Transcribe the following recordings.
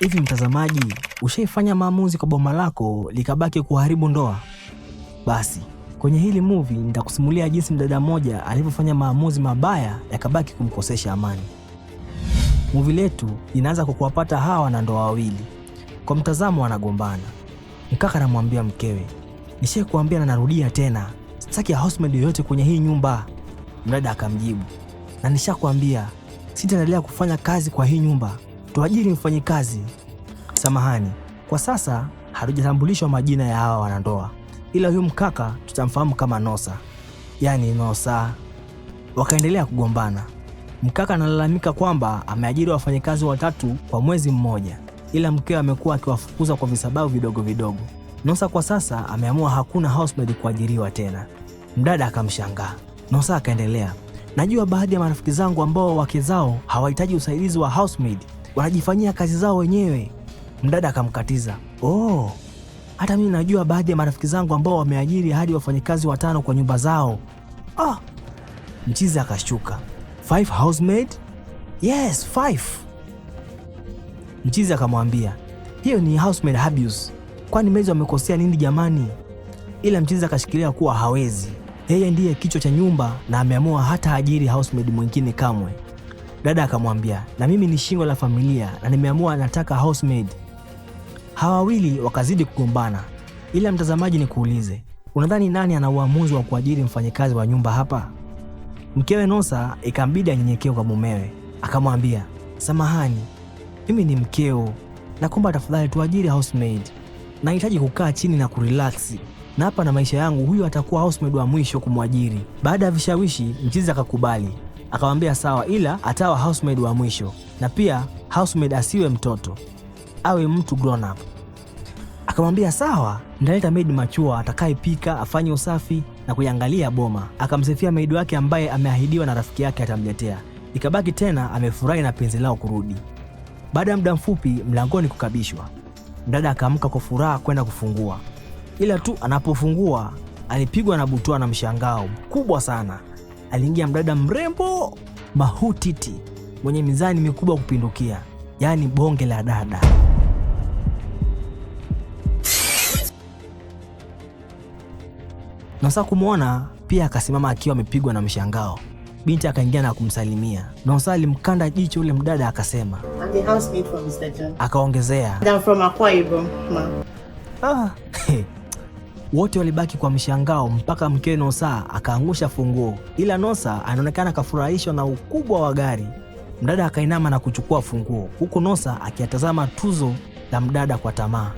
Hivi mtazamaji, ushaifanya maamuzi kwa boma lako likabaki kuharibu ndoa? Basi kwenye hili movie nitakusimulia jinsi mdada mmoja alivyofanya maamuzi mabaya yakabaki kumkosesha amani. Movie letu linaanza kwa kuwapata hawa na ndoa wawili, kwa mtazamo wanagombana. Mkaka anamwambia mkewe, nishakuambia na narudia tena, sitaki housemaid yoyote kwenye hii nyumba. Mdada akamjibu, na nishakwambia sitaendelea kufanya kazi kwa hii nyumba tuajiri mfanyikazi. Samahani, kwa sasa hatujatambulishwa majina ya hawa wanandoa, ila huyu mkaka tutamfahamu kama Nosa, yaani Nosa. Wakaendelea kugombana. Mkaka analalamika kwamba ameajiri wafanyakazi watatu kwa mwezi mmoja, ila mkewe amekuwa akiwafukuza kwa visababu vidogo vidogo. Nosa kwa sasa ameamua hakuna housemaid kuajiriwa tena. Mdada akamshangaa. Nosa akaendelea, najua baadhi ya marafiki zangu ambao wake zao hawahitaji usaidizi wa housemaid wanajifanyia kazi zao wenyewe. Mdada akamkatiza, oh, hata mimi najua baadhi ya marafiki zangu ambao wameajiri hadi wafanyakazi watano kwa nyumba zao. Ah, mchizi akashtuka, five housemaid? Yes, five. Mchizi akamwambia hiyo ni housemaid abuse, kwani mezi wamekosea nini jamani? Ila mchizi akashikilia kuwa hawezi, yeye ndiye kichwa cha nyumba na ameamua hata ajiri housemaid mwingine kamwe. Dada akamwambia, na mimi ni shingo la familia na nimeamua nataka housemaid. Hawa wawili wakazidi kugombana, ila mtazamaji, nikuulize, unadhani nani ana uamuzi wa kuajiri mfanyakazi wa nyumba hapa? Mkewe Nosa ikambidi anyenyekee kwa mumewe, akamwambia, samahani, mimi ni mkeo, naomba tafadhali tuajiri housemaid. Nahitaji kukaa chini na kurilaksi na hapa na maisha yangu, huyu atakuwa housemaid wa mwisho kumwajiri. Baada ya vishawishi, mchizi akakubali. Akamwambia sawa, ila atawa housemaid wa mwisho, na pia housemaid asiwe mtoto, awe mtu grown up. Akamwambia sawa, ndaleta maid machua atakayepika, afanye usafi na kuiangalia boma. Akamsifia maid wake ambaye ameahidiwa na rafiki yake atamletea. Ikabaki tena amefurahi na penzi lao kurudi. Baada ya muda mfupi, mlangoni kukabishwa. Mdada akaamka kwa furaha kwenda kufungua, ila tu anapofungua alipigwa na butwa na mshangao mkubwa sana aliingia mdada mrembo mahutiti mwenye mizani mikubwa kupindukia, yaani bonge la dada. Nosa kumwona pia akasimama akiwa amepigwa na mshangao. Binti akaingia na kumsalimia. nosa alimkanda jicho ule mdada akasema, akaongezea ah, Wote walibaki kwa mshangao mpaka mkewe Nosa akaangusha funguo, ila Nosa anaonekana akafurahishwa na ukubwa wa gari. Mdada akainama na kuchukua funguo, huku Nosa akiyatazama tuzo la mdada kwa tamaa.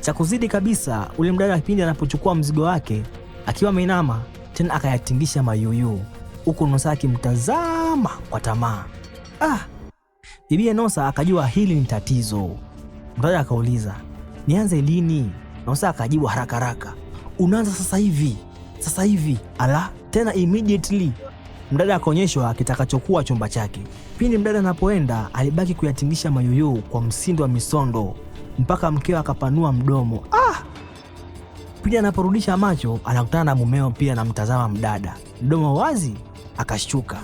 Cha kuzidi kabisa, ule mdada kipindi anapochukua mzigo wake akiwa ameinama tena akayatingisha mayuyu, huku Nosa akimtazama kwa tamaa. Ah, bibie Nosa akajua hili ni tatizo. Mdada akauliza nianze lini? Nosa akajibu haraka haraka unaanza sasa hivi, sasa hivi. Ala, tena immediately mdada akaonyeshwa kitakachokuwa chumba chake. Pindi mdada anapoenda, alibaki kuyatingisha mayuyu kwa msindo wa misondo mpaka mkeo akapanua mdomo. Ah! Pindi anaporudisha macho, anakutana na mumeo pia anamtazama mdada, mdomo wazi, akashtuka,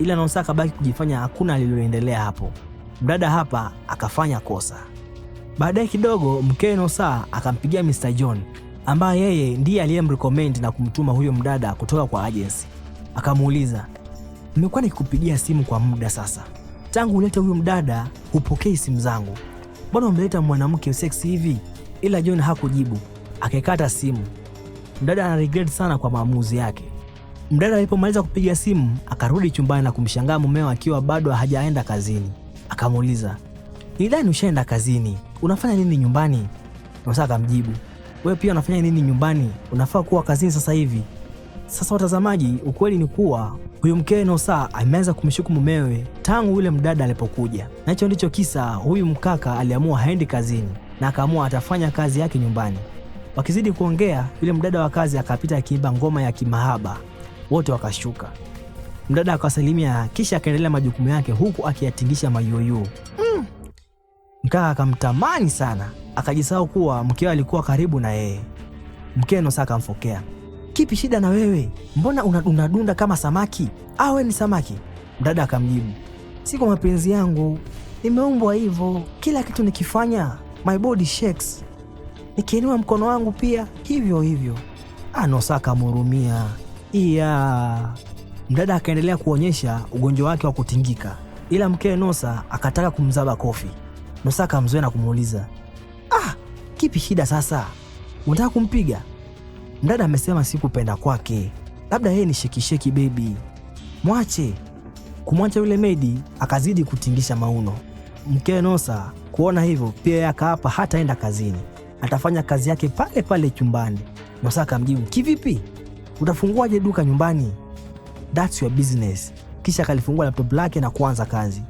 ila nosa akabaki kujifanya hakuna aliloendelea hapo. Mdada hapa akafanya kosa. Baadaye kidogo, mkeo nosa akampigia Mr John ambaye yeye ndiye aliyemrecommend na kumtuma huyo mdada kutoka kwa agency. Akamuuliza, nimekuwa nikikupigia simu kwa muda sasa, tangu ulete huyo mdada hupokei simu zangu, mbona umeleta mwanamke seksi hivi? Ila John hakujibu, akekata simu. Mdada ana regret sana kwa maamuzi yake. Mdada alipomaliza kupiga simu akarudi chumbani na kumshangaa mumeo akiwa bado hajaenda kazini. Akamuuliza, nilidhani ushaenda kazini, unafanya nini nyumbani? Rosa akamjibu, wewe pia unafanya nini nyumbani? Unafaa kuwa kazini sasa hivi. Sasa watazamaji, ukweli ni kuwa huyu mkewe Nosa ameanza kumshuku mumewe tangu yule mdada alipokuja, na hicho ndicho kisa. Huyu mkaka aliamua haendi kazini na akaamua atafanya kazi yake nyumbani. Wakizidi kuongea, yule mdada wa kazi akapita akiimba ngoma ya kimahaba, wote wakashuka. Mdada akawasalimia kisha akaendelea majukumu yake huku akiyatingisha mayoyoo. Mm, mkaka akamtamani sana akajisahau kuwa mkewe alikuwa karibu na yeye. Mkewe Nosa akamfokea, kipi shida na wewe? Mbona unadundadunda kama samaki? Awe ah, ni samaki? Mdada akamjibu, si kwa mapenzi yangu, nimeumbwa hivyo. Kila kitu nikifanya my body shakes, nikiinua mkono wangu pia hivyo hivyo. Ah, Nosa akamhurumia. Iya, mdada akaendelea kuonyesha ugonjwa wake wa kutingika, ila mkewe Nosa akataka kumzaba kofi. Nosa akamzoea na kumuuliza Kipi shida sasa? Unataka kumpiga? Mdada amesema sikupenda kwake, labda yeye ni shekisheki bebi. Mwache. Kumwacha yule medi akazidi kutingisha Mauno. mke Nosa kuona hivyo pia akaapa hataenda kazini, atafanya kazi yake pale pale chumbani. Nosa akamjibu, kivipi? Utafunguaje duka nyumbani? That's your business. Kisha akalifungua laptop lake na kuanza kazi.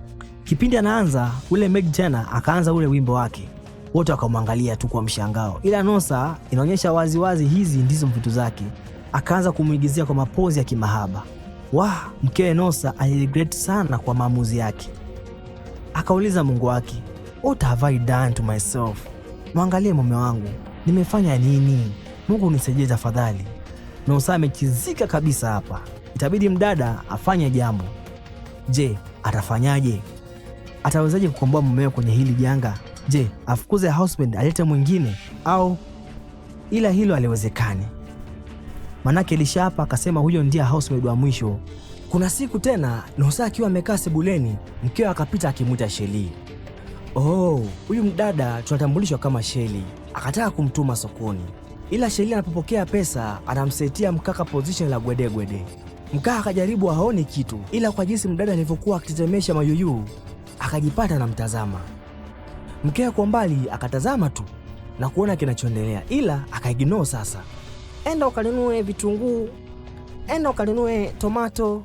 Kipindi anaanza ule Meg Jenner akaanza ule wimbo wake wote wakamwangalia tu kwa mshangao, ila Nosa inaonyesha waziwazi wazi hizi ndizo mvuto zake. Akaanza kumwigizia kwa mapozi ya kimahaba. Wa mkewe Nosa aliregret sana kwa maamuzi yake. Akauliza Mungu wake, what have I done to myself? Mwangalie mume wangu, nimefanya nini? Mungu nisaidie tafadhali. Nosa amechizika kabisa hapa, itabidi mdada afanye jambo. Je, atafanyaje? Atawezaje kukomboa mumewe kwenye hili janga? Je, afukuze husband alete mwingine au? Ila hilo haliwezekani, manake hapa akasema huyo ndiye husband wa mwisho. Kuna siku tena Nosa akiwa amekaa sebuleni, mkewe akapita akimwita Sheli. Oh, huyu mdada tunatambulishwa kama Sheli. Akataka kumtuma sokoni, ila Sheli anapopokea pesa anamsetia mkaka position la gwedegwede. Mkaka akajaribu aone kitu, ila kwa jinsi mdada alivyokuwa akitetemesha mayuyu akajipata na mtazama Mkea kwa mbali akatazama tu na kuona kinachoendelea, ila akaignore. Sasa enda ukalinue vitunguu, enda ukalinue tomato.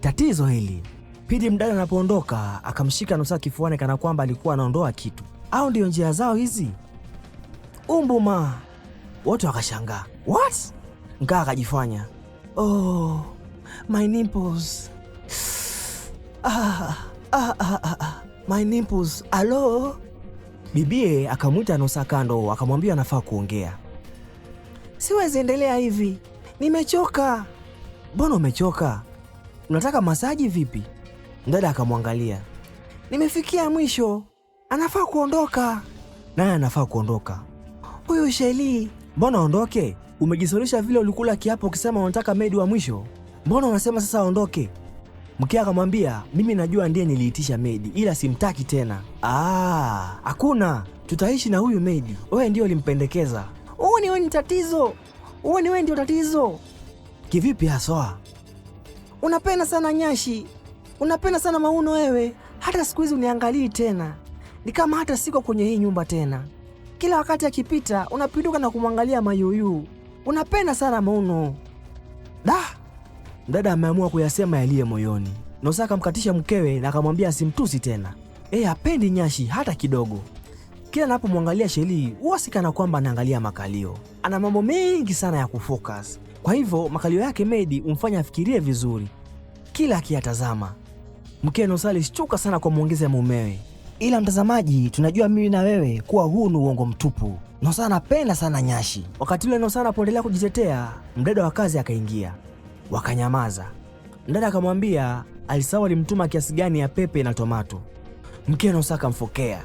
Tatizo hili pidi mdada anapoondoka akamshika Nusaa kifuani, kana kwamba alikuwa anaondoa kitu, au ndiyo njia zao hizi umbuma. Wote wakashangaa what. Ngaa akajifanya oh, my nipples ah, ah, ah, ah. ah my nipples alo. Bibie akamwita Nosa kando, akamwambia anafaa kuongea. Siwezi endelea hivi, nimechoka. Mbona umechoka? Unataka masaji vipi? Mdada akamwangalia, nimefikia mwisho, anafaa kuondoka. Naye anafaa kuondoka. Huyu Sheli, mbona aondoke? umejisorisha vile ulikula kiapo ukisema unataka medi wa mwisho. Mbona unasema sasa aondoke? Mke akamwambia mimi najua ndiye niliitisha Medi ila simtaki tena. Ah, hakuna, tutaishi na huyu Medi. Wewe ndio ulimpendekeza. Uoni wewe ni tatizo, uoni wewe ndio tatizo. Kivipi haswa? Unapenda sana nyashi, unapenda sana mauno wewe. Hata siku hizi uniangalii tena, ni kama hata siko kwenye hii nyumba tena. Kila wakati akipita unapinduka na kumwangalia Mayuyu. Unapenda sana mauno. Dah! Mdada ameamua kuyasema yaliye moyoni. Nosa akamkatisha mkewe na akamwambia asimtusi tena. Yeye hapendi nyashi hata kidogo. Kila anapomwangalia huwa sikana kwamba anaangalia makalio. Ana mambo mengi sana ya kufocus, kwa hivyo makalio yake Medi humfanya afikirie vizuri kila akiyatazama. Mkewe Nosa alishtuka sana kwa mwongezi ya mumewe, ila mtazamaji, tunajua mimi na wewe kuwa huu ni uongo mtupu. Nosa anapenda sana nyashi. Wakati ule Nosa anapoendelea kujitetea, mdada wa kazi akaingia wakanyamaza. Mdada akamwambia alisahau alimtuma kiasi gani ya pepe na tomato. Mke Nosa akamfokea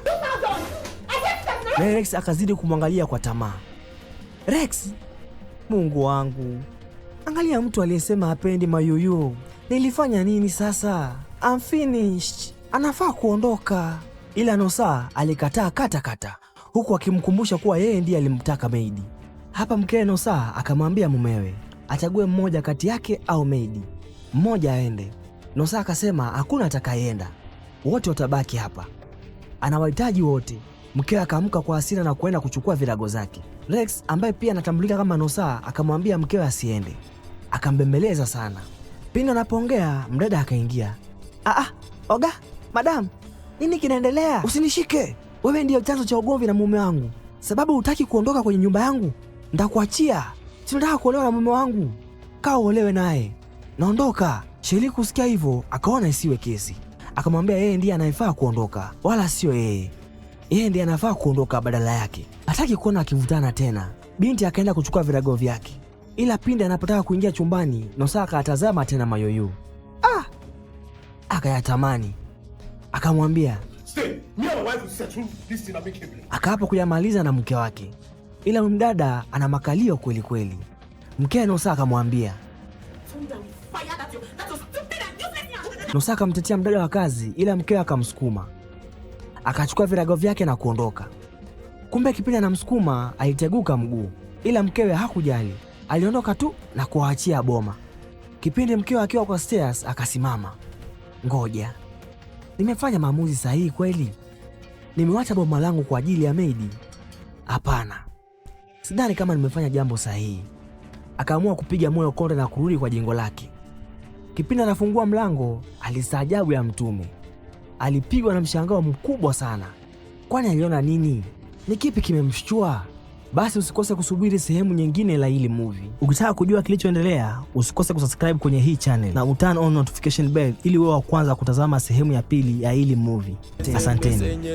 naye Rex akazidi kumwangalia kwa tamaa. Rex, Mungu wangu, angalia mtu aliyesema hapendi mayuyu. Nilifanya nini sasa? I'm finished. Anafaa kuondoka, ila Nosa alikataa kata kata, huku akimkumbusha kuwa yeye ndiye alimtaka Meidi. Hapa mke Nosa akamwambia mumewe achague mmoja kati yake au Meidi, mmoja aende. Nosa akasema hakuna atakayeenda, wote watabaki hapa, anawahitaji wote. Mkewe akaamka kwa hasira na kuenda kuchukua virago zake. Rex ambaye pia anatambulika kama Nosa akamwambia mkewe asiende, akambembeleza sana. Pindi anapoongea mdada akaingia. Ah, ah oga madamu, nini kinaendelea? Usinishike wewe, ndiyo chanzo cha ugomvi na mume wangu. Sababu hutaki kuondoka kwenye nyumba yangu, ndakuachia. Sinataka kuolewa na mume wangu, kaa uolewe naye, naondoka. Sheli kusikia hivyo akaona isiwe kesi, akamwambia yeye ndiye anayefaa kuondoka, wala sio yeye. Yeye ndiye anafaa kuondoka badala yake, hataki kuona akivutana tena. Binti akaenda kuchukua virago vyake, ila pindi anapotaka kuingia chumbani, Nosa akatazama tena mayoyu ah! Akayatamani, akamwambia akaapa kuyamaliza na mke wake ila mdada ana makalio kweli kweli. Mkea Nosa akamwambia Nosa akamtetea mdada wa kazi, ila mkewe akamsukuma akachukua virago vyake na kuondoka. Kumbe kipindi anamsukuma aliteguka mguu, ila mkewe hakujali, aliondoka tu na kuwaachia boma. Kipindi mkewe akiwa kwa stairs, akasimama, ngoja, nimefanya maamuzi sahihi kweli? Nimewacha boma langu kwa ajili ya Meidi? Hapana, sidhani kama nimefanya jambo sahihi. Akaamua kupiga moyo konde na kurudi kwa jengo lake. Kipindi anafungua mlango, alistaajabu ya mtume. Alipigwa na mshangao mkubwa sana, kwani aliona nini? Ni kipi kimemshtua? basi usikose kusubiri sehemu nyingine la hili movie. Ukitaka kujua kilichoendelea, usikose kusubscribe kwenye hii channel na uturn on notification bell ili wewe wa kwanza kutazama sehemu ya pili ya hili movie. Asanteni.